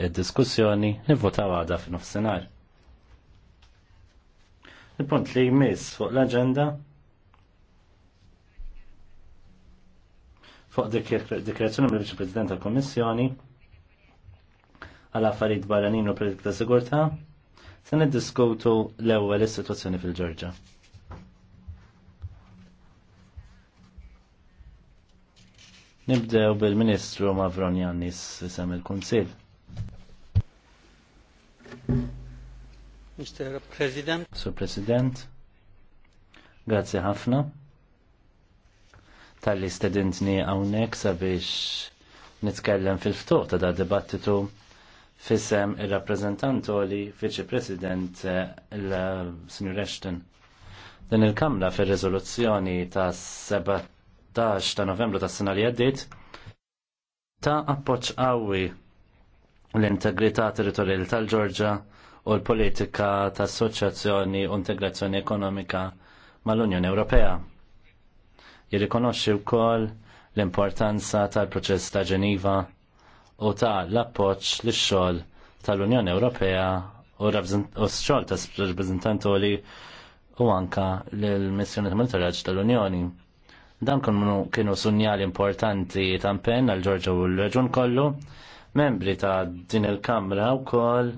id-diskussjoni nivvotaw għada f'nofsinhar. Il-punt li jmiss fuq l-agenda fuq dikreazzjoni mill viċi President tal-Kommissjoni għal affarijiet barranin u politika ta' sigurtà se niddiskutu l-ewwel is-sitwazzjoni fil-Ġorġa. Nibdew bil-Ministru Mavron Jannis isem il-Kunsill. Mr. President. Sir President, grazie ħafna tal-li stedintni għawnek sabiex nitkellem fil-ftuq ta' da' dibattitu fissem il-rappresentantu li viċi president eh, l-Sinjur Ashton. Din il-Kamra fil rezoluzzjoni ta' 17 ta' novembru ta' s-sena li għaddit ta' appoċ għawi l-integrità territorjali tal-Ġorġa u l-politika ta' assoċjazzjoni u integrazzjoni ekonomika mal-Unjoni Ewropea. Jirrikonoxxi wkoll l-importanza tal-proċess ta' Ġeniva u ta' l-appoġġ lix xogħol tal-Unjoni Ewropea u x-xogħol ta' rappreżentantoli u anka l-missjoni ta' monitoraġġ tal-Unjoni. Dan kienu sunjali importanti ta' impenn għal Ġorġa u l-Reġun kollu membri ta' din il-Kamra wkoll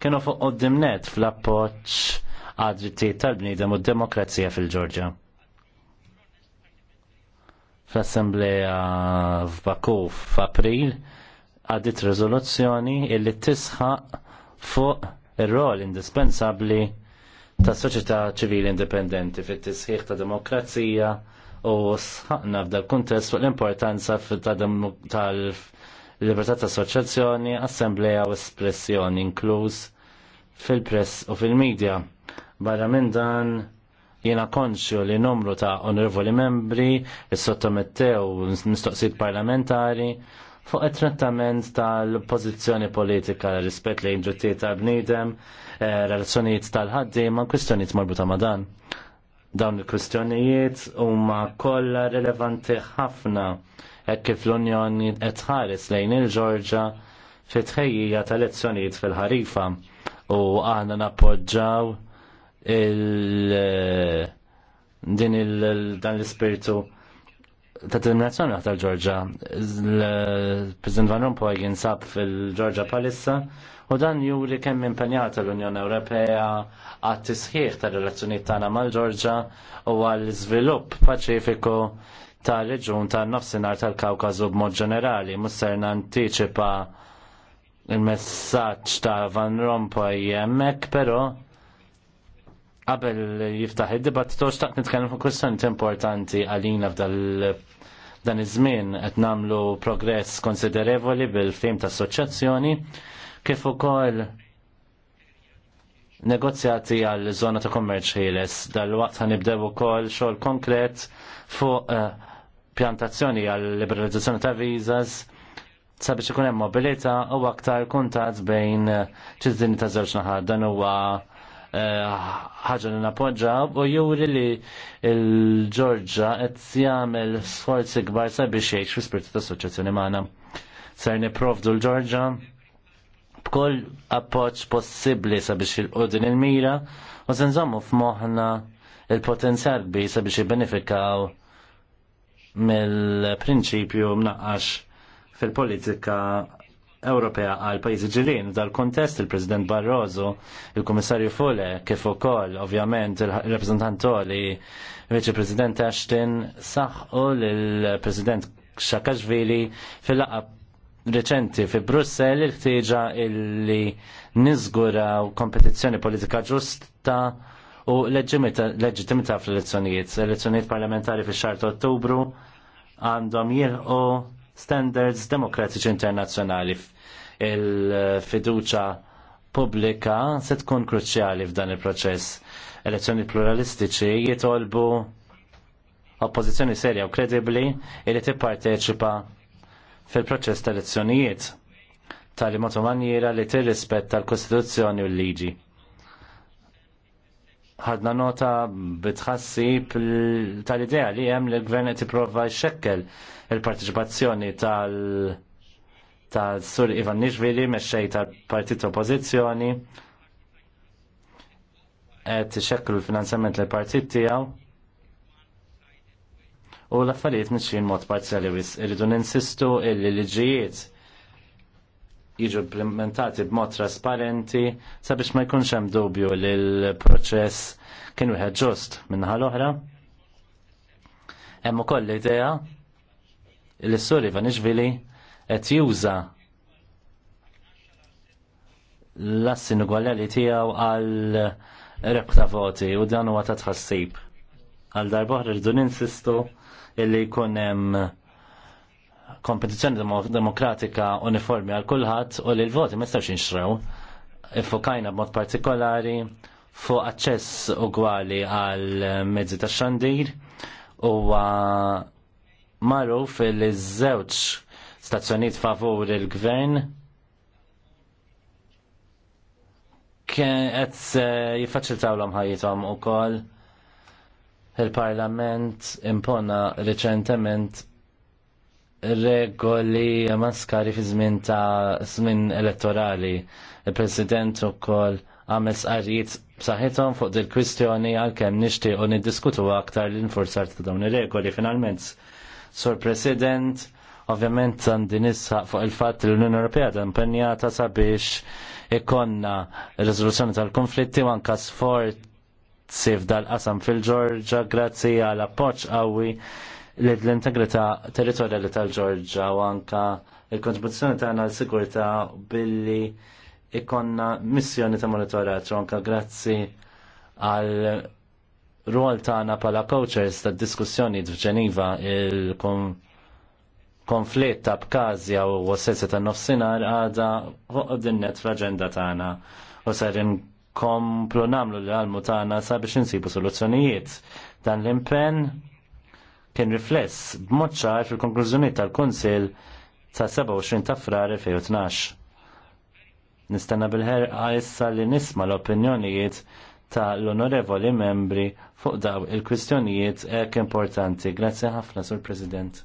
kienu fuq qoddim net fl-appoġġ għad-drittijiet tal-bniedem u d-demokrazija fil-Ġorġja. Fl-Assembleja f'Baku f'April għadit rezoluzzjoni illi tisħaq fuq ir-rol indispensabbli tas soċjetà ċivili indipendenti fit-tisħiħ ta' demokrazija u sħaqna f'dal kuntest fuq l-importanza tal libertà ta' assoċjazzjoni, assembleja u espressjoni inkluż fil-press u fil-medja. Barra minn dan jiena konxju li numru ta' onorevoli membri sottomettew mistoqsijiet parlamentari fuq it-trattament tal-pozizjoni politika rispett lejn ġittijiet tal-bniedem, eh, relazzjonijiet tal ma kwistjonijiet marbuta ma' dan. Dawn il-kwistjonijiet huma kollha rilevanti ħafna hekk kif l-Unjoni qed tħares lejn il-Ġorġa fit-tħejjija tal-elezzjonijiet fil-ħarifa u aħna nappoġġaw din il dan l-ispirtu ta' determinazzjoni tal ġorġa. l president Van Rompuy jinsab fil-Ġorġa palissa u dan juri kemm impenjata l-Unjoni Ewropea għat tisħiħ tal-relazzjoni tagħna mal-Ġorġa u għall-iżvilupp paċifiku ta' reġun ta' nofsinar tal-Kawkazu b'mod ġenerali, musser nantiċipa il messaġġ ta' Van Rompuy jemmek, pero qabel jiftaħ id-dibattitu xtaqt nitkellem fuq kwistjoni importanti għalina f'dan iż-żmien qed nagħmlu progress konsiderevoli bil-fim ta' assoċjazzjoni kif ukoll negozjati għal żona ta' kommerċ ħieles. Dal-waqt ħanibdew ukoll xogħol konkret fuq uh, pjantazzjoni għal liberalizzazzjoni ta' vizas sabiex ikun hemm mobilità u aktar kuntatt bejn ċittadini ta' żewġ naħar dan huwa eh, ħaġa li napoġġa u juri li l-Ġorġa qed jagħmel sforzi kbar sabiex jgħix fi spirtu ta' assoċjazzjoni magħna. Ser niprovdu l-Ġorġa b'kull appoġġ possibbli sabiex il din il-mira u se nżommu f'moħħna il-potenzjal kbir sabiex jibbenefikaw mill-prinċipju mnaqqax fil-politika Ewropea għal pajjiżi ġirien. Dal-kontest il-President Barroso, il-Kummissarju Fule, kif ukoll ovvjament il-Rappresentant Oli, viċi President Ashton, saħħu l-President Xakaxvili fil-laqab reċenti fi Brussel il-ħtieġa illi niżgura kompetizzjoni politika ġusta u leġitimità fl-elezzjonijiet. Elezzjonijiet parlamentari fi xar ta' ottubru għandhom jilqu standards demokratiċi internazzjonali. Il-fiduċa pubblika se tkun kruċjali f'dan il-proċess. Elezzjoni pluralistiċi jitolbu oppożizzjoni serja u kredibbli li tipparteċipa fil-proċess tal elezzjonijiet tal imotu maniera li tirrispetta l-Kostituzzjoni u l-liġi ħadna nota bitħassib tal-idea li hemm li l-gvern qed jipprova xekkel il-partiċipazzjoni tal- tal-Sur Ivan Nixvili meċċej tal-Partit Oppożizzjoni qed xekkel l-finanzjament lill partit tiegħu u l-affarijiet mixjin mod parzjali wis irridu ninsistu illi liġijiet jiġu implementati b'mod trasparenti sabiex ma jkunx hemm dubju li l-proċess kien wieħed ġust minnaħa l-oħra. Hemm ukoll l-idea li s-sur Ivanishvili qed juża l assin nugwalali tiegħu għal ta' voti u dan huwa ta' tħassib. Għal darbohra rridu ninsistu illi jkun hemm kompetizzjoni demokratika uniformi għal kulħadd u li l-voti ma jistgħux jinxrew. Ifokajna b'mod partikolari fuq aċċess ugwali għal mezzi tax xandir u maruf li żewġ stazzjonijiet favur il-gvern kienet eh, jiffaċiltaw l u ukoll il-Parlament impona reċentement regoli maskari fi żmien ta' żmien elettorali. Il-President ukoll għamel sqarrijiet b'saħħithom fuq dil kwistjoni għalkemm nixtiequ niddiskutu aktar l-infurzar ta' dawn ir-regoli finalment. Sur President, ovvjament għandi nisħaq fuq il-fatt li l-Unjoni Ewropea ta' impenjata sabiex ikonna rizoluzzjoni tal-konflitti u anke sforzi f'dal-qasam fil-Ġorġa grazzi għal appoġġ qawwi l-integrità territorjali tal-Ġorġa u anka il-kontribuzzjoni tagħna l sigurtà billi ikonna missjoni ta' monitorat u anka grazzi għal rol tagħna bħala coaches tad diskussjoni f'Ġeniva il-kom konflitt ta' b'kazja u ossessi ta' nofsinar għada fuq fl-agenda tagħna u ser inkomplu namlu li għalmu tagħna sabiex insibu soluzzjonijiet. Dan l-impenn kien rifless b'mod ċar fil-konklużjoni tal-Kunsil ta' 27 ta' frar 2012. Nistenna bil-ħerqa issa li nisma l-opinjonijiet ta' l-onorevoli membri fuq daw il-kwistjonijiet ek importanti. Grazie ħafna, Sur President.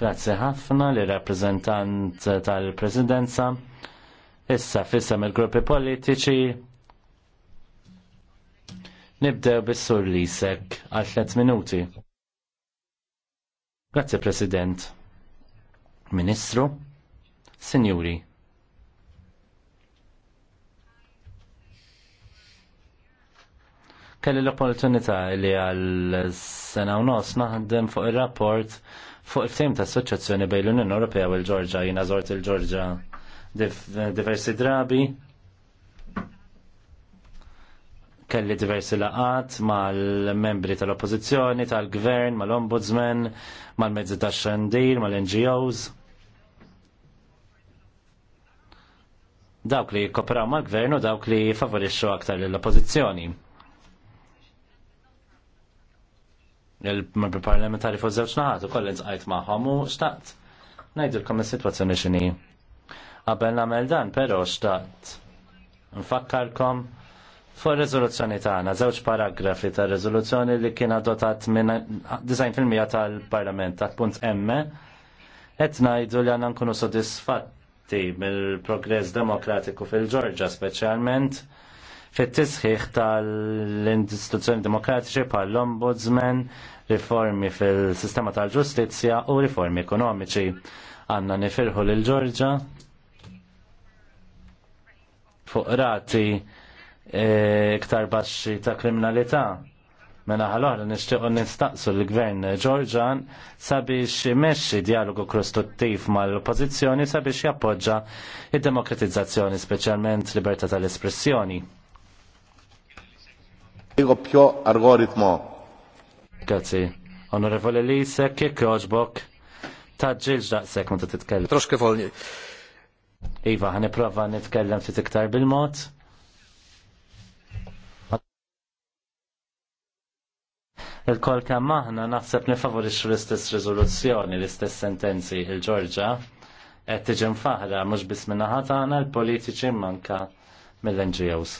Grazie ħafna li rappresentant tal-Presidenza. Issa fissam il-gruppi politiċi Nibdew bis-sur Lisek għal tliet minuti. Grazzi President. Ministru, Sinjuri. Kelli l-opportunità li għal sena u nos naħdem fuq ir-rapport fuq il-tim ta' assoċjazzjoni bejn l-Unjoni Ewropea u l-Ġorġa, jina zort il-Ġorġa diversi drabi, kelli diversi laqat mal-membri tal-oppozizjoni, tal-gvern, mal-ombudsman, mal-mezzi tax xandir, mal-NGOs. Dawk li kopraw mal-gvern u dawk li favorixxu aktar l-oppozizjoni. Il-membri parlamentari fuq żewġ naħat u kollin zgħajt magħhom u xtaqt. ngħidulkom is-sitwazzjoni x'inhi. Qabel nagħmel dan, però xtaqt. Nfakkarkom Fuq rezoluzzjoni tagħna żewġ paragrafi ta' rezoluzzjoni li kien adottat minn 90% tal-Parlament ta' punt M qed ngħidu li għandna nkunu sodisfatti mill-progress demokratiku fil-Ġorġa speċjalment fit-tisħiħ tal-istituzzjoni demokratiċi bħall-ombudsman, riformi fil-sistema tal-ġustizzja u riformi ekonomiċi. Għanna nifirħu l ġorġa fuq rati E, iktar baxxi ta' kriminalità. Mena ħalor nixtiequ nistaqsu l-gvern Ġorġan sabiex imexxi dialogu kostruttiv mal-oppożizzjoni sabiex jappoġġa il demokratizzazzjoni speċjalment libertà tal-espressjoni. Pjo algoritmo. Grazzi. Onorevole Lisek, kik joġbok taġġilġ daqsek ma titkellem. Troxke folni. Iva, ħaniprofa nitkellem ftit iktar bil-mod. Il-kol kemm aħna naħseb nifavorixxu l-istess riżoluzzjoni, l-istess sentenzi il-Ġorġa qed tiġi mfaħra mhux biss minn tagħna l-politiċi manka mill-NGOs.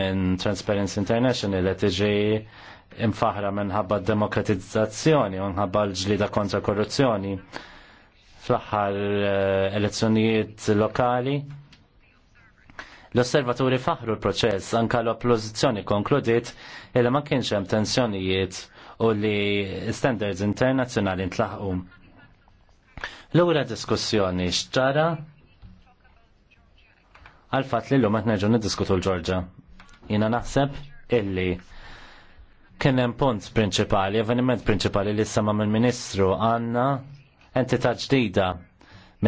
Minn Transparency International qed tiġi mfaħra minħabba d-demokratizzazzjoni u minħabba l-ġlida kontra korruzzjoni fl-aħħar eh, elezzjonijiet lokali L-osservaturi faħru l-proċess, anka l-oppozizjoni konkludiet illa ma kienx hemm tensjonijiet u li standards internazzjonali ntlaħqu. L-ewwel diskussjoni x'ċara għal fatt li llum qed nerġgħu niddiskutu l-Ġorġa. Jiena naħseb illi kien hemm punt prinċipali, avveniment prinċipali li sama mill-Ministru għandna entità ġdida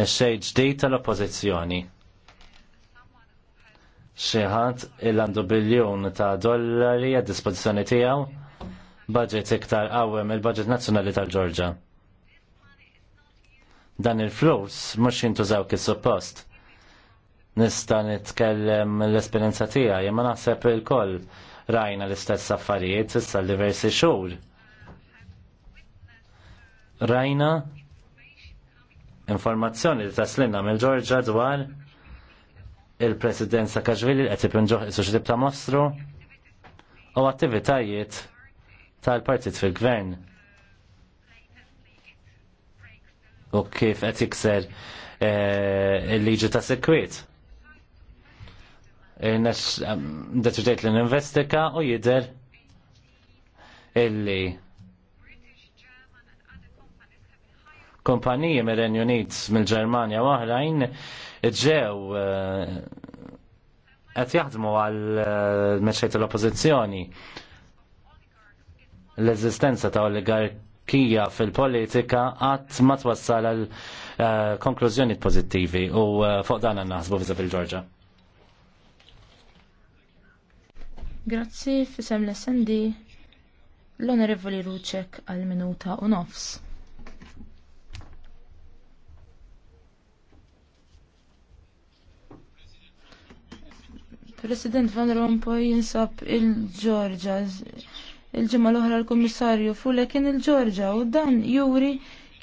mexxej ġdid tal-Oppożizzjoni xieħat il-għandu biljon ta' dollari għad dispozizjoni tijaw budget iktar għawem il-budget nazjonali tal-ġorġa. Dan il-flus mux jintużaw kis suppost. Nista nitkellem l-esperienza tija, jemma naħseb il-koll rajna l-istess affarijiet issa l-diversi xhur. Rajna informazzjoni li taslinna mill-ġorġa dwar il-President Sakaġvili qed ipinġuħ il suġġib ta' Mostru u attivitajiet tal-partit fil-gvern. U kif qed jikser eh, il-liġi ta' sekwit. Deċidejt li u illi kompaniji mir mill-Ġermanja u oħrajn ġew eh, qed jaħdmu għal eh, meċċejt l-oppożizzjoni l-eżistenza ta' oligarkija fil-politika għat ma twassal għal eh, konklużjoni pozittivi u fuq dan naħsbu viza fil-ġorġa. Grazzi, fisem l-essendi l-onorevoli Ruċek għal minuta u nofs. President Van Rompuy jinsab il-Ġorġa. Il-ġimma l-oħra l-Kummissarju Fule kien il-Ġorġa u dan juri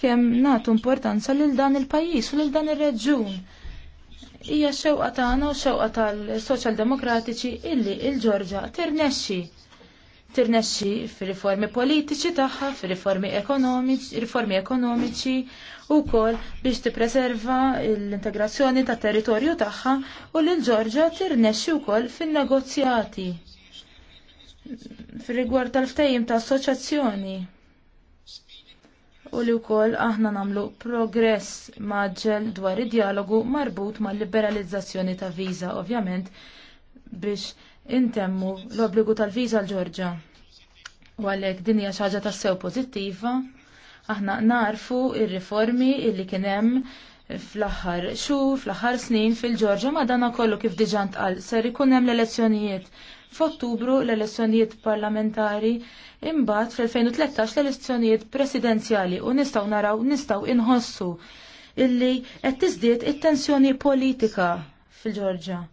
kemm nagħtu importanza lil dan il-pajjiż u lil dan ir-reġjun. Hija xewqa tagħna u xewqa tal-Soċjaldemokratiċi illi il-Ġorġa tirnexxi tirnexxi fir-riformi politiċi tagħha, fir-riformi ekonomiċi, riformi ekonomiċi wkoll biex tippreserva l-integrazzjoni tat territorju tagħha u lil Ġorġja tirnexxi wkoll fin-negozjati fir-rigward tal-ftehim ta' assoċjazzjoni. U li wkoll aħna nagħmlu progress maġġel dwar id-dialogu marbut mal-liberalizzazzjoni ta' viża, ovvjament biex intemmu l-obbligu tal-viża l-Ġorġa. U għalhekk din hija xi ħaġa tassew pożittiva, aħna narfu r riformi li illi kien hemm fl-aħħar xhur, fl-aħħar snin fil-Ġorġa ma dana kollu kif diġà ntqal ser ikun hemm l-elezzjonijiet f'Ottubru l-elezzjonijiet parlamentari imbagħad fl-2013 l-elezzjonijiet presidenzjali u nistgħu naraw nistgħu inħossu illi qed tiżdied it-tensjoni politika fil-Ġorġa.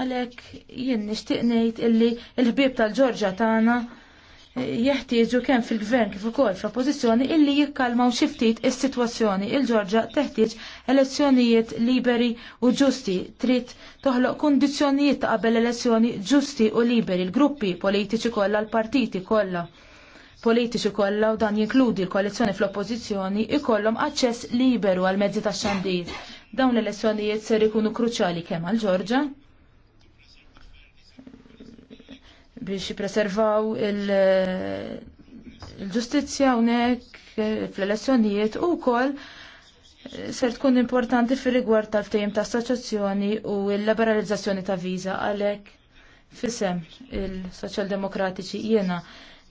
Għalhekk jien nixtieq ngħid illi l-ħbieb tal-Ġorġa tagħna eh, jeħtieġu kemm fil-gvern kif ukoll fl-oppożizzjoni illi jikkalmaw xi ftit is-sitwazzjoni. Il-Ġorġa teħtieġ elezzjonijiet liberi u ġusti trid toħloq kundizzjonijiet ta' qabel elezzjoni ġusti u liberi l-gruppi politiċi kollha l-partiti kollha politiċi kollha u dan jinkludi l-koalizzjoni fl-oppożizzjoni ikollhom aċċess liberu għal mezzi tax-xandir. Dawn l-elezzjonijiet ser ikunu kruċjali kemm għal Ġorġa biex jipreservaw eh, il-ġustizja il unek eh, fl-elezzjonijiet u kol eh, ser tkun importanti fil rigward tal-ftejjem ta' assoċjazzjoni u l-liberalizzazzjoni ta' viza għalek fisem il-Soċjaldemokratiċi jiena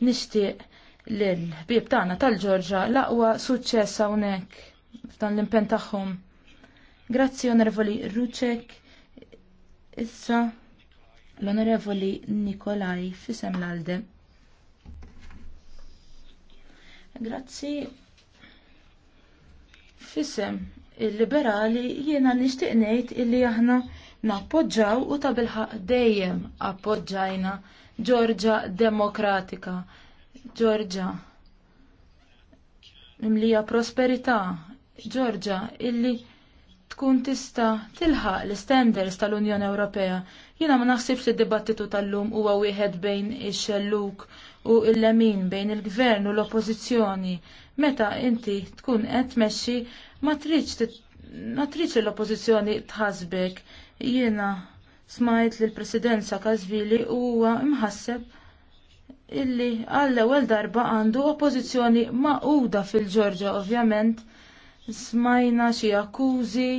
nixtieq l-bib tagħna tal-Ġorġa laqwa suċċess hawnhekk f'dan l-impenn tagħhom. Grazzi onorevoli Ruċek. Issa L-Onorevoli Nikolaj fisem l-Alde. Grazzi. Fisem il-liberali jiena nixtieq ngħid illi aħna nappoġġaw u ta' bilħaq dejjem appoġġajna Ġorġa Demokratika. Ġorġa imlija prosperità. Ġorġa illi tkun tista tilħaq l istandards tal-Unjoni Ewropea. Jiena ma naħsibx li d-dibattitu tal-lum huwa wieħed bejn ix-xelluk u l-lemin bejn il-gvern u l-oppożizzjoni. Meta inti tkun qed tmexxi ma tridx l-oppożizzjoni tħasbek. Jiena smajt li l-presidenza Kazvili huwa imħasseb illi għall ewwel darba għandu oppożizzjoni maquda fil-Ġorġa ovvjament smajna xi akkużi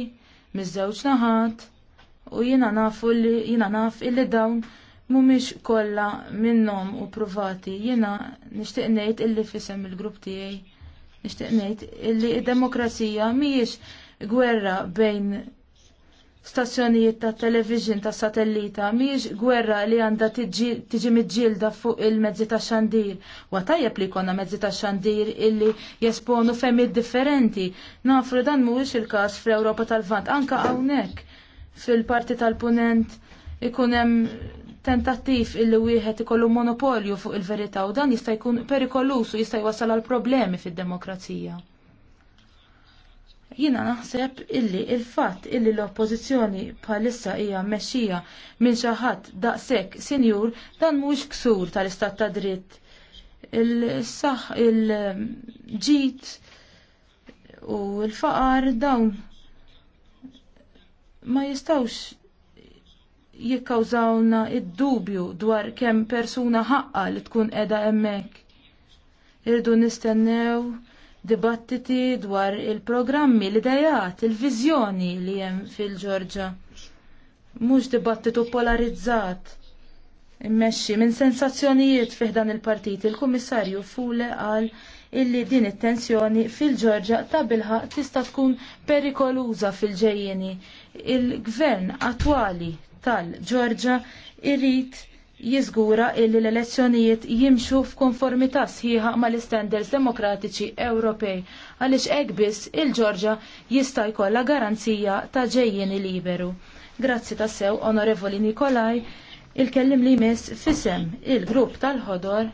miż-żewġ naħat u jiena nafu li jiena naf illi dawn mhumiex kollha minnhom u pruvati. Jiena nixtieq ngħid illi fisem il-grupp tiegħi nixtieq ngħid illi d-demokrazija mhijiex gwerra bejn stazzjonijiet ta' television ta' satellita miex gwerra li għanda tiġi miġġielda fuq il-mezzi ta' xandir. Wa tajjeb li konna mezzi ta' xandir illi jesponu femmid differenti. Nafru dan mhuwiex il-każ fl-Ewropa tal-Vant anka hawnhekk fil-parti tal-punent ikun hemm tentattiv illi wieħed ikollu monopolju fuq il-verità u dan jista' jkun perikolus u jista' jwassal għal problemi fid-demokrazija. Jiena naħseb illi il-fatt illi l-oppożizzjoni bħalissa hija mmexxija minn xi ħadd daqshekk sinjur dan mhux ksur tal-istat ta' dritt. Il-saħ il-ġit u l-faqar dawn ma jistawx jikkawżawna id-dubju dwar kemm persuna ħaqqa li tkun qiegħda hemmhekk. Irdu nistennew dibattiti dwar il-programmi, l-idejat, il-viżjoni li hemm fil-Ġorġa. Mhux dibattitu polarizzat. Immexxi minn sensazzjonijiet fih dan il-partit, il-Kummissarju Fule qal illi din it-tensjoni fil-ġorġa ta' bilħa tista' tkun perikoluża fil-ġejjeni. Il-gvern attwali tal-ġorġa jrid jiżgura illi l-elezzjonijiet jimxu f'konformità sħiħa mal-istandards demokratiċi Ewropej għaliex hekk biss il-Ġorġa jista' jkollha garanzija ta' ġejjeni liberu. Grazzi ta' sew, onorevoli Nikolaj, il-kellim li jmiss fisem il-grupp tal-ħodor,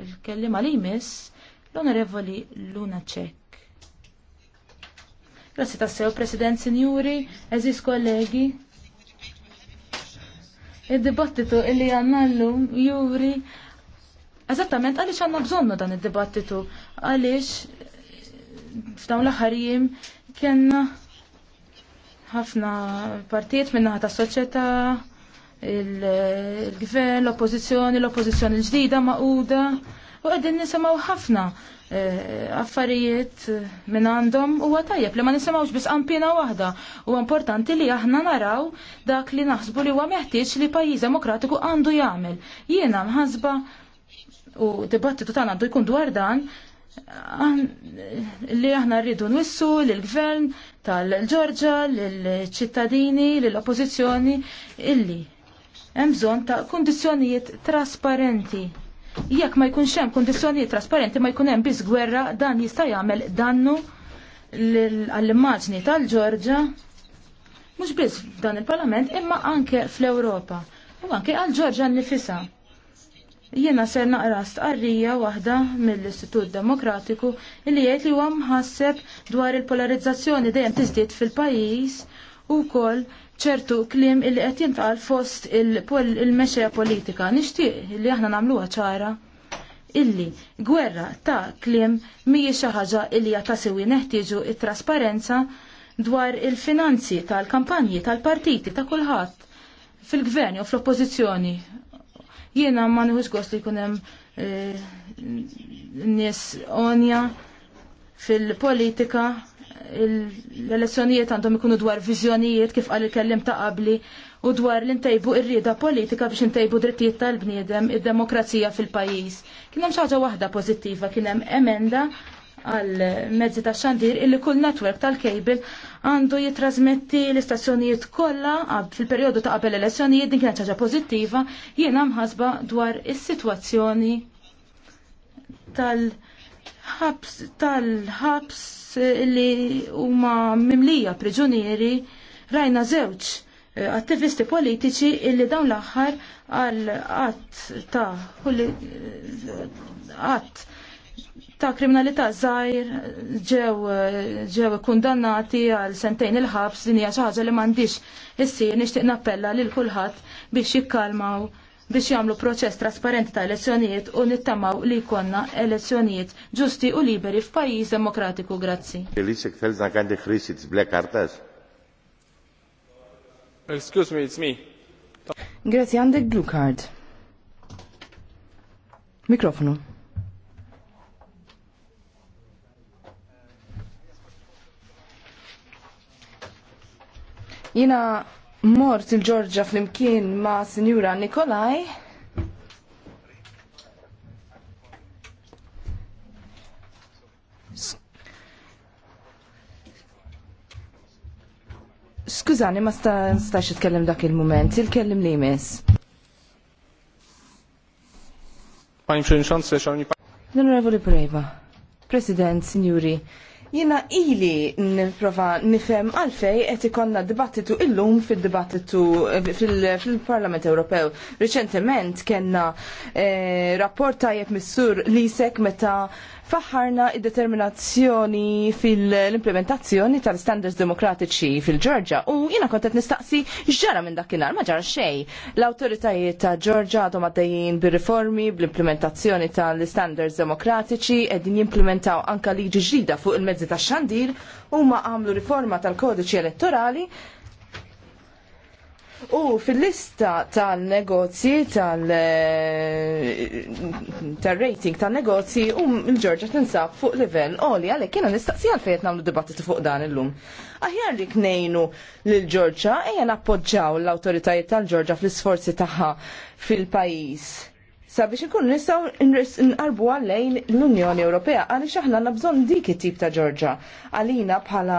il-kellim għal jmiss l-Onorevoli Luna Cech. Grazie tassew, President, Signuri, eżis kollegi. Id-dibattitu illi għanna l-lum, juri, eżattament għalix għanna bżonnu dan id-dibattitu, għalix f'dawn l-ħarijim kena ħafna partijiet minnaħa ta' soċieta, il-gvern, l-oppozizjoni, l-oppozizjoni l-ġdida uda u għedin nisimaw ħafna eh, affarijiet eh, minn għandhom u għatajab li ma nisimawx bis għampina wahda u importanti li aħna naraw dak li naħsbu li huwa meħtieġ li pajjiż demokratiku għandu jagħmel. Jiena mħasba u dibattitu tagħna għandu jkun dwar dan eh, li aħna rridu nwissu lill-gvern tal-Ġorġa, lill-ċittadini, lill-oppożizzjoni illi hemm bżonn ta' kundizzjonijiet trasparenti Jekk ma jkunx hemm kundizzjonijiet trasparenti ma jkun hemm biss gwerra dan jista' jagħmel dannu għall-immaġni tal-Ġorġa mhux biss f'dan il-Parlament imma anke fl-Ewropa u anke għal Ġorġa nifisa. Jiena ser naqra stqarrija waħda mill-Istitut Demokratiku illi jgħid li huwa mħasseb dwar il-polarizzazzjoni dejjem tiżdied fil-pajjiż u wkoll ċertu klim illi qed jintqal fost il-mexja politika. Nixtieq li aħna nagħmluha ċara illi gwerra ta' klim mhijiex xi ħaġa illi hija ta' sewi neħtieġu it-trasparenza dwar il-finanzi tal-kampanji tal-partiti ta' kulħadd fil-gvern jew fl-oppożizzjoni. Jiena ma nieħux gost li jkun hemm eh, nies onja fil-politika l-elezzjonijiet għandhom ikunu dwar viżjonijiet kif qal il-kellim ta' qabli u dwar l-intejbu ir-rieda politika biex intejbu drittijiet tal-bniedem id-demokrazija fil-pajjiż. Kien hemm xaġa waħda pożittiva, kien hemm emenda għal mezzi ta' xandir illi kull netwerk tal-kejbil għandu jitrasmetti l-istazzjonijiet kollha fil-perjodu ta' qabel elezzjonijiet din kienet ħaġa pożittiva jiena mħasba dwar is-sitwazzjoni tal- ħabs tal-ħabs li huma mimlija priġunieri rajna żewġ eh, attivisti politiċi illi dawn l-aħħar għal qatt ta' qatt eh, ta' kriminalità żgħir ġew eh, ġew kundannati għal sentejn il-ħabs din hija xi ħaġa li m'għandix issir nixtieq nappella lil kulħadd biex jikkalmaw biex jagħmlu proċess trasparenti ta' elezzjonijiet u nittamaw li jkollna elezzjonijiet ġusti u liberi f'pajjiż demokratiku. Grazzi. Excuse me, it's me. Grazie, għandek blue card. Mikrofonu. Jina mort il-ġorġa flimkien ma' Sinjura Nikolaj. Skużani, ma sta, stax itkellem dak il-moment, il kellem li jmiss. Pani Przewodniczący, Szanowni Państwo. Honorable Breva, President, Signori, Jina ili niprofa nifem għalfej qed ikonna dibattitu illum fil-dibattitu fil-Parlament Ewropew. Reċentement kena eh, rapport tajjeb missur lisek meta faħħarna id-determinazzjoni fil-implementazzjoni tal-standards demokratiċi fil-Ġorġa u jina kontet nistaqsi ġara minn dakinhar ma ġara xej. L-autoritajiet ta' Ġorġa għadhom għaddejjin bil-reformi, bl-implementazzjoni tal-standards demokratiċi qegħdin jimplementaw anka liġi ġdida fuq il-mezzi tax-xandir u ma għamlu riforma tal-kodiċi elettorali U fil-lista tal-negozji, eh, tal-rating tal-negozji, u l-ġorġa tinsab fuq level oli, għalek kiena nistaqsi għal-fejt namlu dibattitu fuq dan il-lum. Aħjar li knejnu l-ġorġa, ejja nappoġġaw l-autoritajiet tal-ġorġa fl-sforzi taħħa fil-pajis sabiex ikun nistaw nqarbu għallejn l-Unjoni Ewropea għaliex aħna għandna bżonn dik it-tip ta' Ġorġa. Għalina bħala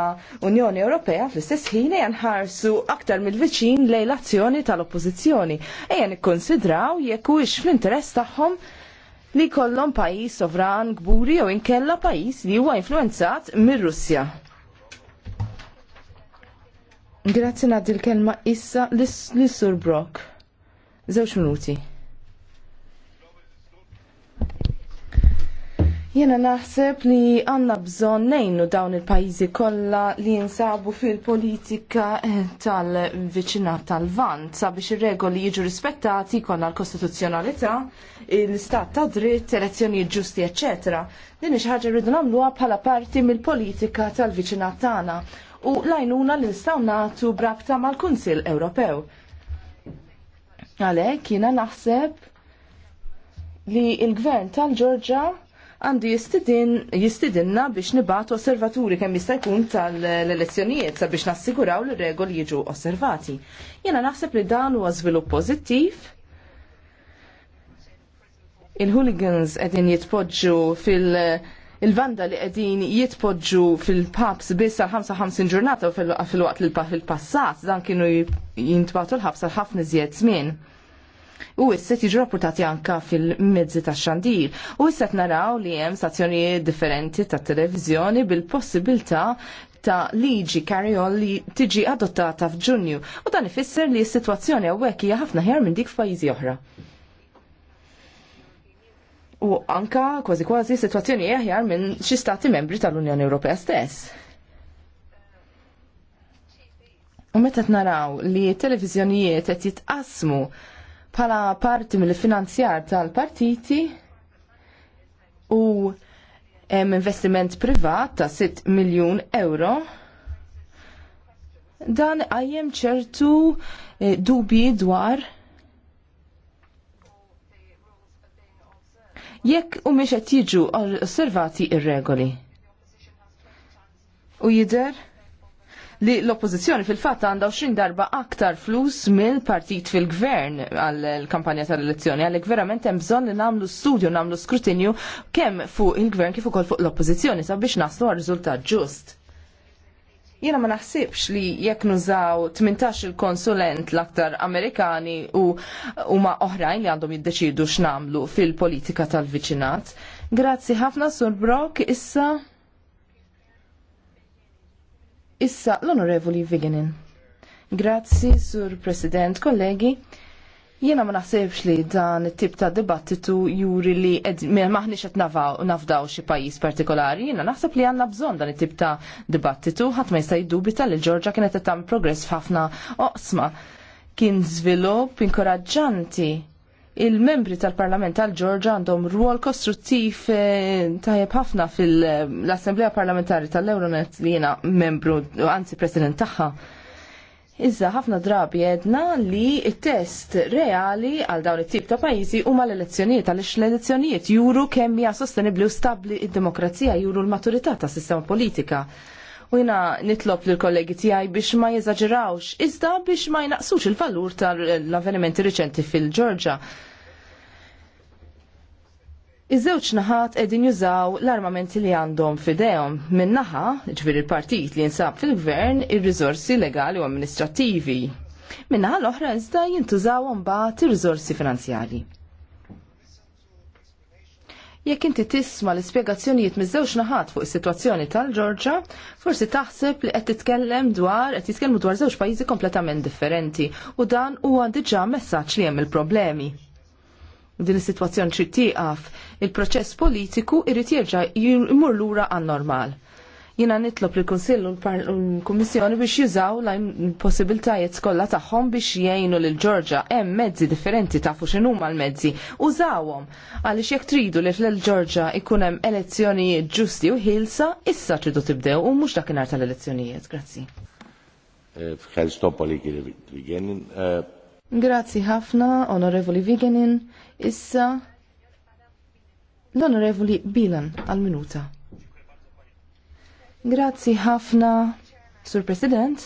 Unjoni Ewropea fl-istess ħin hija nħarsu aktar mill-viċin lejn l-azzjoni tal-Oppożizzjoni. Ejja nikkonsidraw jekk huwiex fl-interess tagħhom li kollhom pajjiż sovran kburi jew inkella pajjiż li huwa influenzat mir-Russja. Grazzi nagħti l-kelma issa lis-Sur Brock. Żewġ minuti. Jena naħseb li għanna bżon nejnu dawn il-pajizi kolla li jinsabu fil-politika eh, tal vicina tal-vant sabiex ir-regoli jiġu rispettati konna l-kostituzzjonalità, l-istat ta' dritt, elezzjoni ġusti, ecc. Din ħaġa rridu nagħmluha bħala parti mill-politika tal vicina tagħna u lajnuna li nistgħu nagħtu brabta mal-Kunsill Ewropew. Għalhekk jiena naħseb li il-gvern tal-Ġorġa għandu jistidinna biex nibat osservaturi kemm jista' jkun tal-elezzjonijiet sabiex nassiguraw li regoli jiġu osservati. Jena naħseb li dan huwa żvilupp pożittiv. Il-hooligans qegħdin jitpoġġu fil- il-vanda li qegħdin jitpoġġu fil-pubs biss għal 55 ġurnata fil-waqt fil-passat dan kienu jintbatu l-ħabs għal ħafna iżjed żmien u issa jiġu rapportati anka fil-mezzi ta' xandir. U issa naraw li hemm stazzjonijiet differenti ta' televizjoni bil possibilta ta' liġi carry li tiġi adottata f'Ġunju. U dan ifisser li s-sitwazzjoni hawnhekk hija ħafna ħjar minn dik f'pajjiżi oħra. U anka kważi kważi situazzjoni eħjar minn xi stati membri tal-Unjoni Ewropea stess. U meta naraw li t qed jitqasmu bħala parti mill-finanzjar tal-partiti u hemm investiment privat ta' 6 miljun euro dan għajjem ċertu eh, dubji dwar jekk u miex qed jiġu osservati ir-regoli. U jidher? li l-oppozizjoni fil-fatt għandha 20 darba aktar flus mill-partit fil-gvern għall-kampanja tal-elezzjoni għalhekk verament hemm bżonn li nagħmlu studju nagħmlu skrutinju kemm fuq il-gvern kif ukoll fuq l-oppożizzjoni sabiex naslu għal riżultat ġust. Jiena ma naħsibx li jekk nużaw 18 il-konsulent l-aktar Amerikani u huma oħrajn li għandhom jiddeċidu x'namlu fil-politika tal-viċinat. Grazzi ħafna Sur Brock issa Issa l-Onorevoli Viginin. Grazzi, Sur President, kollegi. Jena ma naħsebx li dan it-tip ta' dibattitu juri li maħniex qed nafdaw xi pajjiż partikolari, jiena naħseb li għandna bżonn dan it-tip ta' dibattitu ħadd ma jista' jiddubita li Ġorġa kienet qed tagħmel progress f'ħafna oqsma. Kien żvilupp inkoraġġanti il-membri tal-Parlament tal-Ġorġa għandhom ruol kostruttiv eh, tajjeb ħafna fil-Assemblea Parlamentari tal-Euronet li jena membru, anzi president tagħha. Iżda ħafna drabi jedna li il-test reali għal dawn it-tip ta' pajjiżi huma l-elezzjonijiet għaliex l-elezzjonijiet juru kemm hija sostenibbli u stabbli id-demokrazija juru l-maturità tas sistema politika u jina nitlob lill kollegi tiegħi biex ma jeżaġerawx, iżda biex ma jnaqsux il-valur tal-avvenimenti riċenti fil-Ġorġa. Iż-żewġ naħat edin jużaw l-armamenti li għandhom fidejhom. minn naħa, ġviri il-partit li jinsab fil-gvern, ir rizorsi legali u amministrativi. Min naħa l-oħra iżda jintużaw mbagħad ir rizorsi finanzjali. Jekk inti tisma l-ispjegazzjonijiet miż-żewġ naħat fuq is-sitwazzjoni tal-Ġorġa, forsi taħseb li qed titkellem dwar qed jitkellmu dwar żewġ pajjiżi kompletament differenti u dan huwa diġà messaġġ li hemm il-problemi. Din is-sitwazzjoni trid tieqaf, il-proċess politiku irid jerġa' jmur lura għan-normal Jina nitlob il-Konsillu l-Kommissjoni biex jużaw la possibiltajiet kollha tagħhom biex jgħinu l Ġorġa hemm mezzi differenti tafu x'inhuma l-mezzi. Użawhom għaliex jekk tridu li fl Ġorġa ikun hemm elezzjonijiet ġusti u ħilsa, issa tridu tibdew u mhux dakinhar tal-elezzjonijiet. Grazzi. Grazzi ħafna, Onorevoli Vigenin. Issa l-Onorevoli Bilan għal-minuta. Grazzi ħafna, Sur President.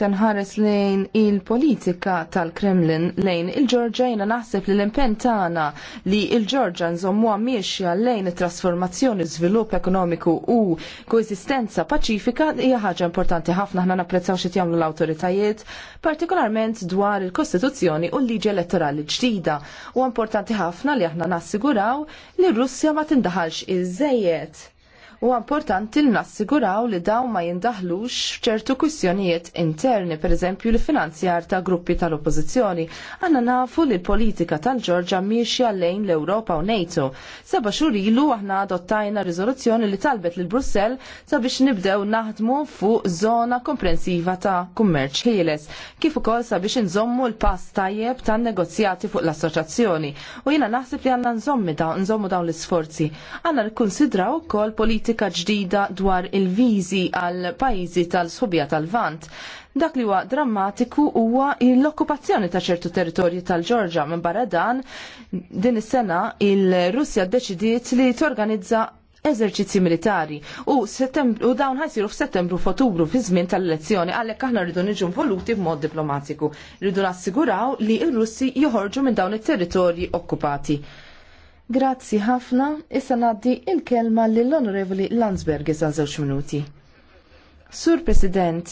Tanħares lejn il-politika tal-Kremlin lejn il-ġorġa naħseb li l-impen tagħna li il-ġorġa nżommu miexja lejn it-trasformazzjoni, żvilupp ekonomiku u koesistenza paċifika hija ħaġa importanti ħafna aħna napprezzaw xi jagħmlu l-awtoritajiet, partikolarment dwar il-Kostituzzjoni u l-liġi elettorali ġdida. U importanti ħafna li aħna nassiguraw li Russja ma tindaħalx iż U importanti li nassiguraw li daw ma jindaħlux ċertu kwistjonijiet interni, per eżempju li finanzjar ta' gruppi tal-oppozizjoni. Għanna nafu li l-politika tal-ġorġa miexi għallejn l-Europa u NATO. Seba xur ilu aħna adottajna riżoluzzjoni li talbet l brussell sabiex nibdew naħdmu fuq zona komprensiva ta' kummerċ ħieles, kif ukoll sabiex nżommu l-pass tajjeb tan negozjati fuq l-assoċazzjoni. U jiena naħseb li għandna dawn nżommu dawn l-isforzi. Għandna nikkunsidraw ukoll politika politika ġdida dwar il-viżi għal pajjiżi tal-sħubija tal-Vant. Dak li huwa drammatiku huwa l-okkupazzjoni ta' ċertu territorji tal-Ġorġa minn barra dan din is-sena il-Russja ddeċidiet li torganizza eżerċizzi militari u, u dawn ħajsiru f'Settembru f'Ottubru fi żmien tal-elezzjoni għalhekk aħna rridu niġu involuti b'mod diplomatiku. Rridu nassiguraw li r-Russi joħorġu minn dawn it-territorji okkupati. Grazzi ħafna, issa naddi il-kelma lill-Onorevoli Landsberg issa żewġ minuti. Sur President,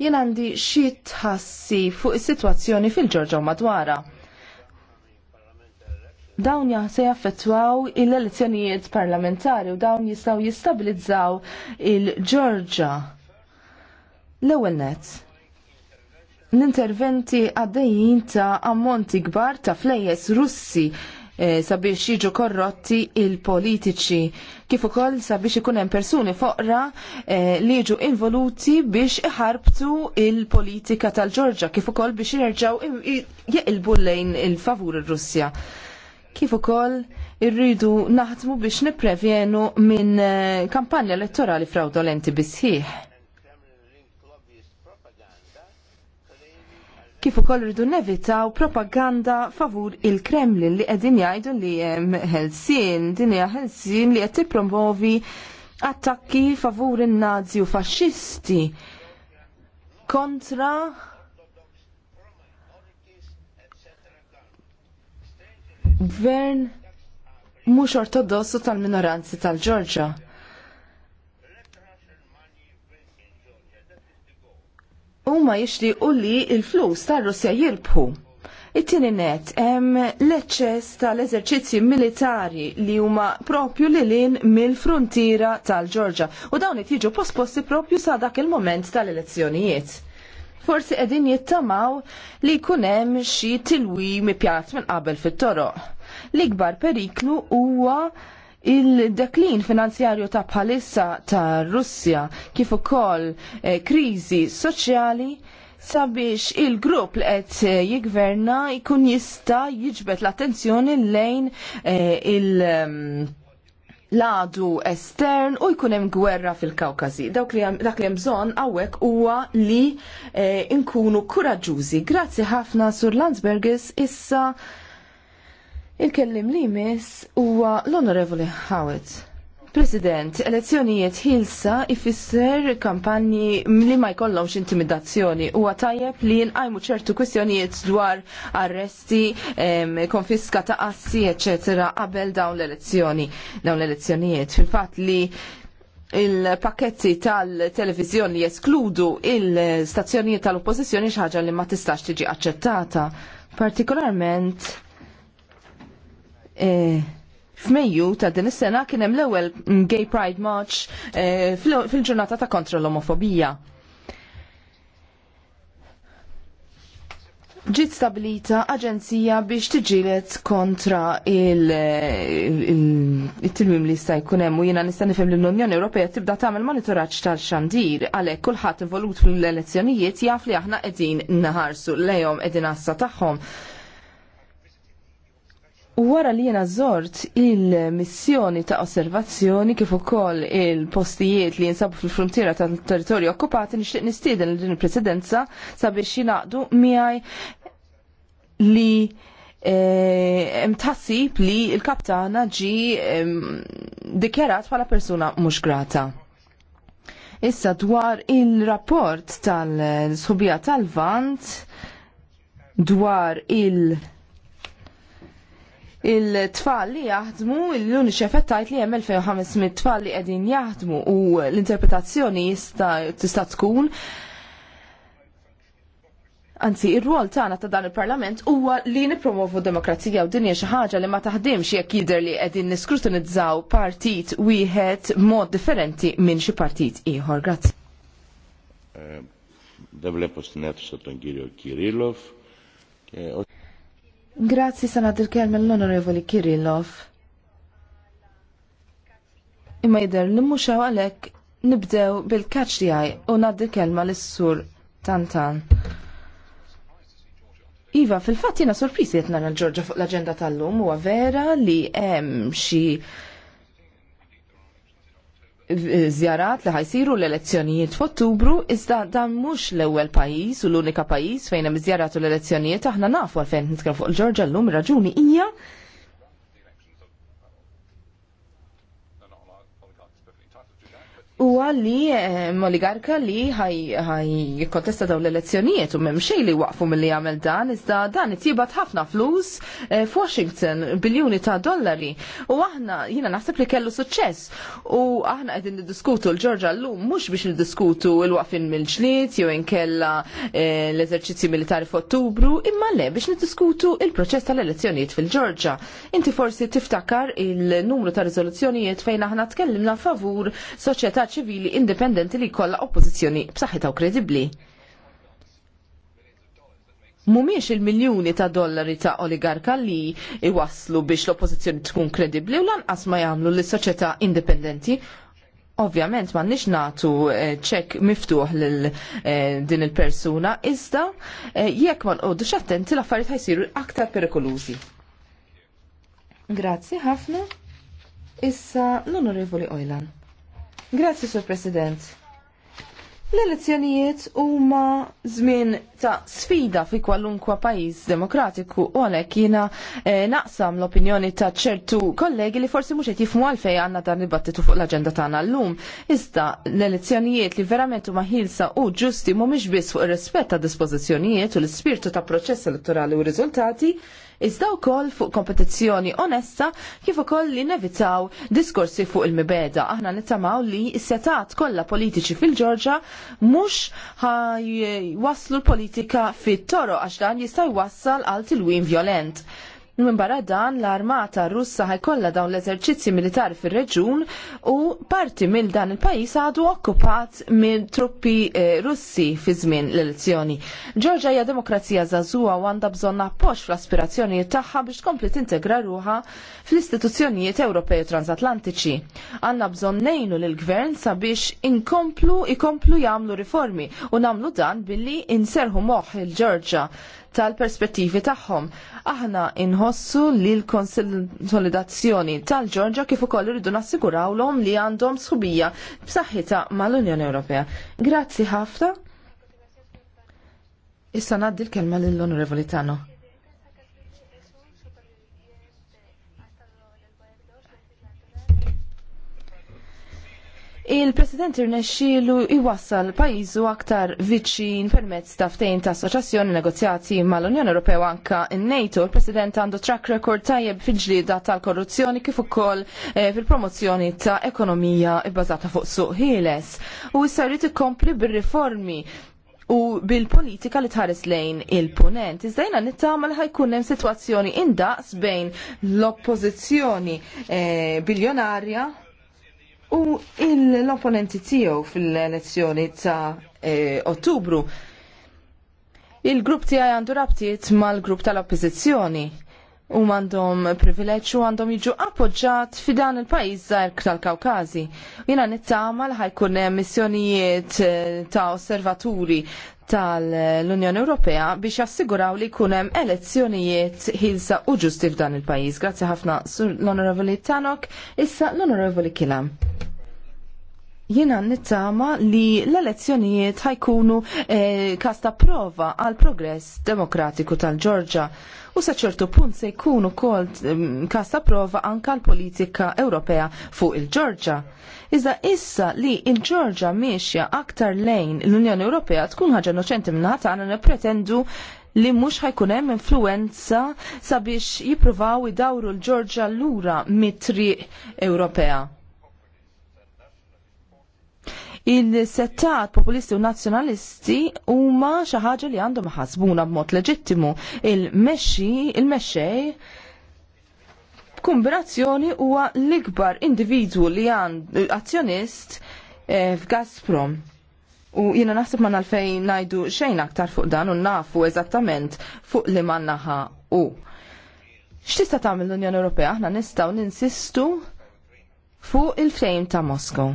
jien għandi xi tħassi fuq is-sitwazzjoni fil-ġorġa madwara dawn se jaffettwaw il-elezzjonijiet parlamentari u dawn jistaw jistabilizzaw il-Ġorġa. L-ewwel net. L-interventi għaddejjin ta' ammonti kbar ta' flejjes Russi Eh, sabiex jiġu korrotti il-politiċi. Kif ukoll sabiex ikun hemm persuni foqra eh, li jiġu involuti biex iħarbtu il-politika tal-Ġorġa, kif ukoll biex jerġgħu jeqilbu lejn il-favur ir-Russja. Kif ukoll irridu naħdmu biex nipprevjenu minn eh, kampanja elettorali fraudolenti bisħieħ kif ukoll rridu nevitaw propaganda favur il-Kremlin li qegħdin jgħidu li hemm ħelsien, din hija ħelsien li qed tippromovi attakki favur in-Nazi u faxxisti kontra gvern mhux ortodossu tal-minoranzi tal-Ġorġa. tal minoranzi tal ġorġa tal huma jixtiequ li l-flus tar-Russja jirbħu. It-tieni net hemm l-eċċess tal-eżerċizzji militari li huma propju li lin mill-frontiera tal-Ġorġa u dawn qed jiġu posposti propju sa dak il-moment tal-elezzjonijiet forsi edin jittamaw li kunem xi tilwi mi pjat minn qabel fit-toroq. L-ikbar periklu huwa Il-deklin finanzjarju ta' bħalissa ta' Russja kif ukoll eh, kriżi soċjali sabiex il-grupp li qed eh, jigverna jkun jista' jiġbed l-attenzjoni lejn eh, il- ehm, ladu estern u jkun hemm gwerra fil kawkazi Dawk li dak li hemm bżonn hawnhekk huwa li eh, nkunu kuraġużi. Grazzi ħafna Sur Landsbergis issa Il-kellim li mis huwa l-Onorevoli Howard. President, elezzjonijiet ħilsa ifisser kampanji li ma jkollhomx intimidazzjoni u tajjeb li nqajmu ċertu kwistjonijiet dwar arresti, konfiska ta' assi, eċetera, qabel dawn l-elezzjoni, dawn l-elezzjonijiet. Fil-fatt li il-pakketti tal-televizjoni li jeskludu il-stazzjonijiet tal-oppozizjoni xaġa li ma tistax tiġi aċċettata. Partikolarment Eh, F'Mejju ta' din is-sena kien hemm l-ewwel mm, Gay Pride March eh, fil-ġurnata ta' kontra l-omofobija. ġiet stabilita aġenzija biex tiġilet kontra il-tilmim li sta' jkun hemm u jiena nista' nifhem li l-Unjoni Ewropea tibda tagħmel monitoraġġ tal-xandir għalhekk kulħadd involut fl-elezzjonijiet jaf li aħna qegħdin naħarsu lejhom qegħdin assa tagħhom. Wara li jena zort il-missjoni ta' osservazzjoni kif ukoll il-postijiet li jinsabu fil-frontiera tal territorju okkupati nixtieq nistieden din il-presidenza sabiex jingħaqdu miegħi li eh, hemm tħassib li l-kaptana ġi dikjarat bħala persuna mhux grata. Issa dwar il-rapport tal-subija tal-vant dwar il- il-tfal li jaħdmu, l-UNICEF tajt li hemm 2500 tfal li qegħdin jaħdmu u l-interpretazzjoni tista' tkun Anzi, ir-rwol tagħna ta' dan il-Parlament huwa li nippromovu demokrazija u dinja xi ħaġa li ma taħdimx jekk jidher li qegħdin niskrutinizzaw partit wieħed mod differenti minn xi partit ieħor. Grazzi. Eh, δεν βλέπω στην αίθουσα Grazzi Senator Kermel, l-Onorevoli Kirillov. Imma jider li muxaw għalek nibdew bil-kaċ li għaj u naddi kelma l-sur Tantan. Iva, fil-fat jena sorprizi jtna l-ġorġa fuq l-agenda tal-lum u vera li hemm xi Zjarat li ħajsiru l-elezzjonijiet f'Ottubru iżda dan mhux l-ewwel pajjiż u l-unika pajjiż fejn hemm iżjarat u l-elezzjonijiet aħna nafu għalfejn nitkellem fuq il-Ġorġa llum raġuni hija huwa li eh, oligarka li ħaj jikkontesta daw l-elezzjonijiet u m'hemm li waqfu milli jagħmel dan, iżda dan itjibat ħafna flus eh, f'Washington biljuni ta' dollari. U aħna jiena naħseb li kellu suċċess u aħna qegħdin niddiskutu l-Ġorġa llum mhux biex niddiskutu l-waqfin mill-ġlied jew inkella eh, l-eżerċizzji militari f'Ottubru, imma le biex niddiskutu il-proċess tal-elezzjonijiet fil-Ġorġa. Inti forsi tiftakar il-numru ta' riżoluzzjonijiet fejn aħna tkellimna favur soċjetà ċivili indipendenti li jkollha oppozizjoni b'saħħitha u kredibbli. Mumiex il-miljuni ta' dollari ta' oligarka li iwaslu biex l-oppozizjoni tkun kredibli u lanqas ma jagħmlu lis soċjetà indipendenti ovvjament ma nix natu ċek eh, miftuħ l eh, din il-persuna, iżda eh, jekk ma nqodux attenti l-affarijiet ħajsiru aktar perikolużi. Grazzi ħafna. Issa l-Onorevoli Ojlan. Grazzi, Sur President. L-elezzjonijiet huma żmien ta' sfida fi kwalunkwa pajjiż demokratiku u għalhekk jiena eh, naqsam l-opinjoni ta' ċertu kollegi li forsi mhux qed jifhmu għalfejn għandna dan dibattitu fuq l-aġenda tagħna llum. Iżda l-elezzjonijiet li verament huma ħilsa u ġusti mhumiex biss fuq ir-rispett ta' dispożizzjonijiet u l-ispirtu ta' proċess elettorali u riżultati, iżda wkoll fuq kompetizzjoni onesta kif ukoll li nevitaw diskorsi fuq il-mibeda. Aħna nittamaw li s-setat kollha politiċi fil-Ġorġa mhux ħaj waslu l-politika fit-toro għax dan jista' jwassal għal tilwim violent. Minn barra dan l-armata russa ħajkolla dawn l-eżerċizzi militari fir-reġun u parti minn dan il-pajjiż għadu okkupat minn truppi eh, russi fi żmien l-elezzjoni. Ġorġa hija demokrazija żagħżugħa u għandha bżonn appoġġ fl-aspirazzjonijiet tagħha biex tkompli tintegra ruha fl-istituzzjonijiet Ewropej u transatlantiċi. Għandna bżonn ngħinu lill-gvern sabiex inkomplu ikomplu jagħmlu riformi u nagħmlu dan billi inserħu moħħ il-Ġorġa tal-perspettivi tagħhom. Aħna inħossu li l-konsolidazzjoni tal-Ġorġa kif ukoll irridu nassigurawlhom li għandhom sħubija b'saħħitha mal-Unjoni Ewropea. Grazzi ħafna. Issa ngħaddi l-kelma lill-Onorevoli Tano. il-President irnexxielu iwassal pajizu aktar viċin permezz ta' ftejn ta' assoċjazzjoni negozjati mal-Unjoni Ewropea anka n-NATO. Il-President għandu track record tajjeb fil-ġlieda tal-korruzzjoni kif ukoll eh, fil-promozzjoni ta' ekonomija bbażata fuq suq ħieles. U issa jrid ikompli bir-riformi u bil-politika li tħares lejn il-ponent. nittama nittamal ħajkun hemm sitwazzjoni indaqs bejn l-oppożizzjoni eh, biljonarja u l-opponenti tiegħu fil-elezzjoni ta' eh, Ottubru. Il-grupp tiegħi għandu rabtiet mal-grupp tal-Oppożizzjoni u għandhom privileġġ għandhom jiġu appoġġat fidan il-pajjiż żgħir tal-Kawkażi. Jiena nittama li ħajkun hemm missjonijiet eh, ta' osservaturi tal-Unjoni Ewropea biex jassiguraw li jkun hemm elezzjonijiet ħilsa u ġusti f'dan il-pajjiż. Grazzi ħafna sur l-Onorevoli Tanok, issa l-Onorevoli Kilam. Jiena nittama li l-elezzjonijiet ħajkunu eh, kasta prova għal progress demokratiku tal-Ġorġa u saċertu punt se jkun ukoll mm, kasta prova anka l-politika Ewropea fuq il georgia Iżda issa li il-Ġorġa miexja aktar lejn l-Unjoni Ewropea tkun ħaġa noċenti minnaħat għana nepretendu li mhux ħajkun hemm influenza sabiex jippruvaw idawru l georgia lura mit-triq Ewropea il-settat populisti u nazzjonalisti huma xi ħaġa li għandhom ħasbuna b'mod leġittimu. Il-mexxi, il-mexxej kombinazzjoni huwa l-ikbar individwu li għand azzjonist eh, f'Gazprom. U jiena naħseb ma għalfejn najdu xejn aktar fuq dan u nafu eżattament fuq li man naħa u. X'tista tagħmel l-Unjoni Ewropea aħna nistgħu ninsistu fuq il-frame ta' Moskow.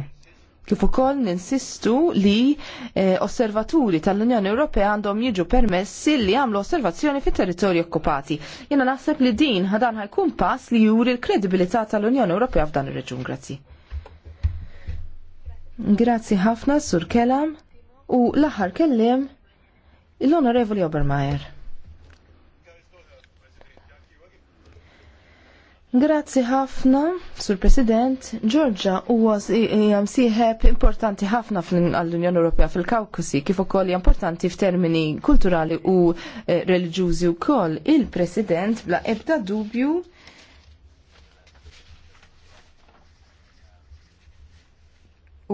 Kif ukoll ninsistu li eh, osservaturi tal-Unjoni Ewropea għandhom jiġu permessi li jagħmlu osservazzjoni fit-territorji okkupati. Jiena naħseb li din ħadan ħajkun pass li juri l-kredibilità tal-Unjoni Ewropea f'dan ir-reġun. Grazzi. Grazzi ħafna sur kelam u l-aħħar kellim l-Onorevoli Obermeier. Grazzi ħafna, Sur President. Georgia huwa sieħeb importanti ħafna għall-Unjoni Ewropea fil-Kawkusi, kif ukoll importanti f'termini kulturali u eh, reliġjużi wkoll. Il-President bla ebda dubju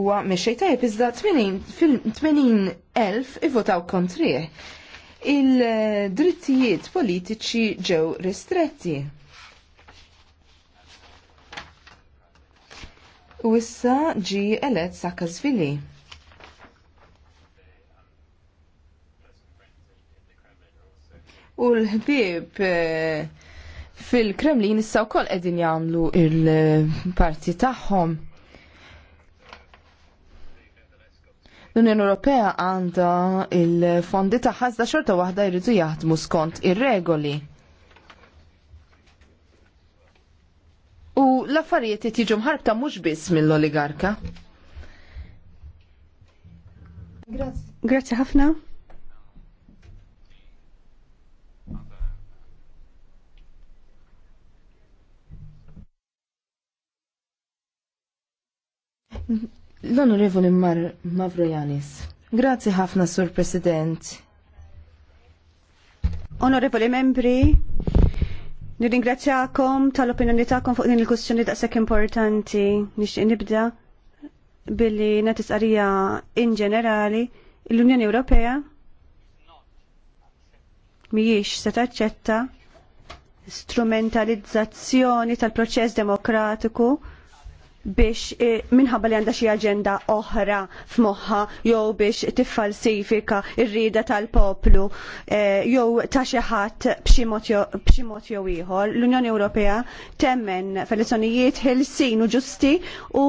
huwa mexej tajjeb iżda 80,000 ivotaw kontrih. Il-drittijiet eh, politiċi ġew ristretti u issa ġi elett fili. U l-ħbib eh, fil-Kremlin issa wkoll qegħdin jagħmlu il-parti tagħhom. l-Unjoni Ewropea għandha il-fondi tagħha iżda xorta waħda jridu jaħdmu skont ir-regoli. l-affarijiet jtiġu mħarbta mhux biss mill-oligarka. Grazzi ħafna. L-Onorevoli Mar Mavrojanis. Grazzi ħafna, Sur President. Onorevoli membri, Nirringrazzjakom tal-opinjoni tagħkom fuq din il-kwistjoni daqshekk importanti nixtieq nibda billi natis qarija in ġenerali l-Unjoni Ewropea mhijiex se taċċetta strumentalizzazzjoni tal-proċess demokratiku biex e, minħabba li għandha xi aġenda oħra f'moħħa jew biex tiffalsifika r-rieda tal-poplu e, jew ta' xi ħadd b'xi mod jew ieħor. L-Unjoni Ewropea temmen f'elezzjonijiet ħelsin u ġusti u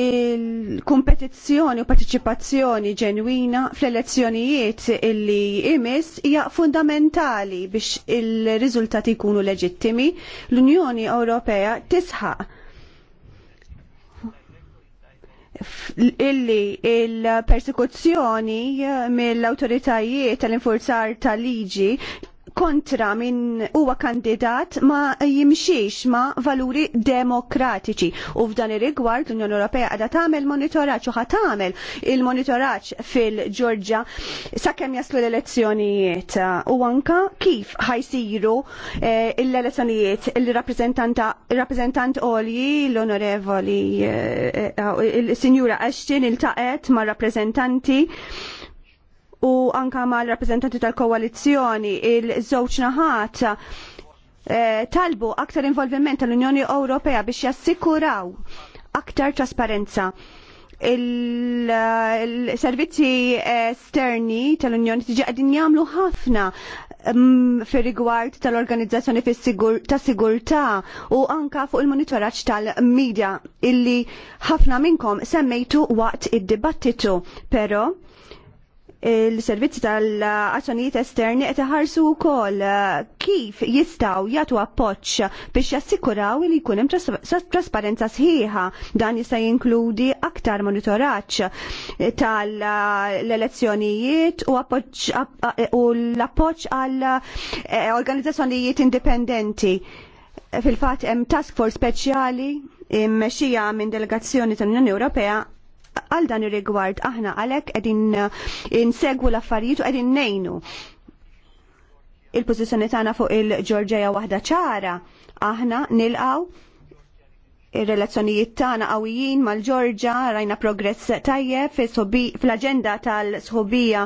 il-kompetizzjoni u partiċipazzjoni ġenwina fl-elezzjonijiet illi imis hija fundamentali biex il-riżultati jkunu leġittimi. L-Unjoni Ewropea tisħaq illi il-persekuzzjoni mill-autoritajiet tal-infurzar tal-liġi kontra minn huwa kandidat ma jimxiex ma valuri demokratiċi. U f'dan ir-rigward l-Unjoni Ewropea qiegħda tagħmel monitoraġġ u ħadd tagħmel il-monitoraġġ fil-Ġorġja sakemm jaslu l-elezzjonijiet u anka kif ħajsiru eh, l-elezzjonijiet il-rappreżentant Olji l-Onorevoli eh, eh, il-Sinjura Ashton il-taqet ma' rappreżentanti u anka mal-rappreżentanti tal-koalizzjoni il-żewġ naħat eh, talbu aktar involviment tal-Unjoni Ewropea biex jassikuraw aktar trasparenza il-servizzi esterni tal-Unjoni tiġi għadin jamlu ħafna mm, fir rigward tal-organizzazzjoni ta' sigurtà u anka fuq il-monitoraġġ tal-medja illi ħafna minkom semmejtu waqt id-dibattitu, però il-servizzi tal-azzjonijiet esterni qed iħarsu wkoll eh, kif jistgħu jagħtu appoġġ biex jassikuraw li jkun hemm trasparenza sħiħa. Dan jista' jinkludi aktar monitoraġġ tal-elezzjonijiet u eh, l-appoġġ għal eh, organizzazzjonijiet indipendenti. Fil-fatt hemm task force speċjali immexxija minn delegazzjoni tal-Unjoni Ewropea għal dan ir-rigward aħna għalhekk qegħdin eh, insegwu l-affarijiet u qegħdin ngħinu. il-pożizzjoni tagħna fuq il-Ġorġeja waħda ċara aħna nilqaw ir-relazzjonijiet tagħna qawwijin mal-Ġorġa rajna progress tajjeb fl-aġenda tal sħubija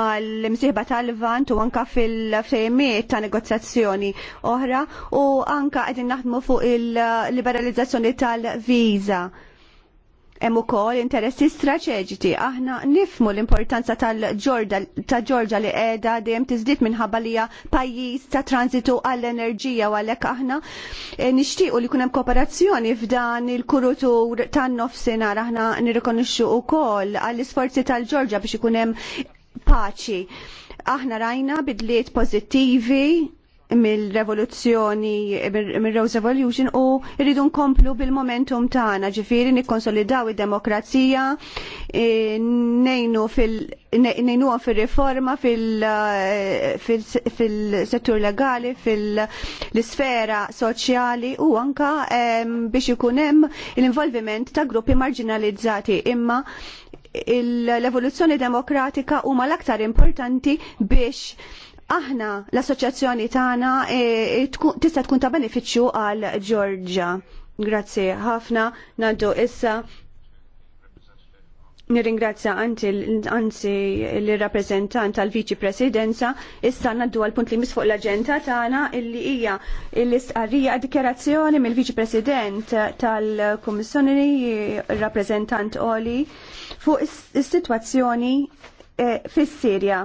mal-imsieħba tal vant u anka fil-fejmiet ta' negozjazzjoni oħra u anka qegħdin naħdmu fuq il-liberalizzazzjoni tal-viża. Hemm ukoll interessi strateġiċi. Aħna nifmu l-importanza tal Ġorġa li qiegħda dejjem tiżdied minħabba li hija pajjiż ta' transitu għall-enerġija u għalhekk aħna eh, nixtiequ li jkun hemm kooperazzjoni f'dan il-kurutur tan-nofsinhar aħna nirrikonoxxu wkoll għall-isforzi tal-Ġorġa biex ikun hemm paċi. Aħna rajna bidliet pozittivi mill-revoluzzjoni, mill-Rose Revolution u rridu nkomplu bil-momentum tagħna, ġifieri nikkonsolidaw id-demokrazija, eh, nejnu fil fil-riforma eh, fil-settur legali, fil-sfera soċjali u anka ehm, biex ikun hemm l-involviment ta' gruppi marginalizzati imma l-evoluzzjoni demokratika huma l-aktar importanti biex aħna l-assoċjazzjoni tagħna e, e, tista' tkun ta' benefiċċju għal Ġorġja. Grazzi ħafna ngħaddu issa Nirringrazzja anzi l-rappresentant tal-Viċi Presidenza issa naddu għal punt li misfuq l-aġenda tagħna illi hija l-istqarrija dikjarazzjoni mill-Viċi President tal-Kummissjoni rappresentant Oli fuq is-sitwazzjoni e, fis-Sirja.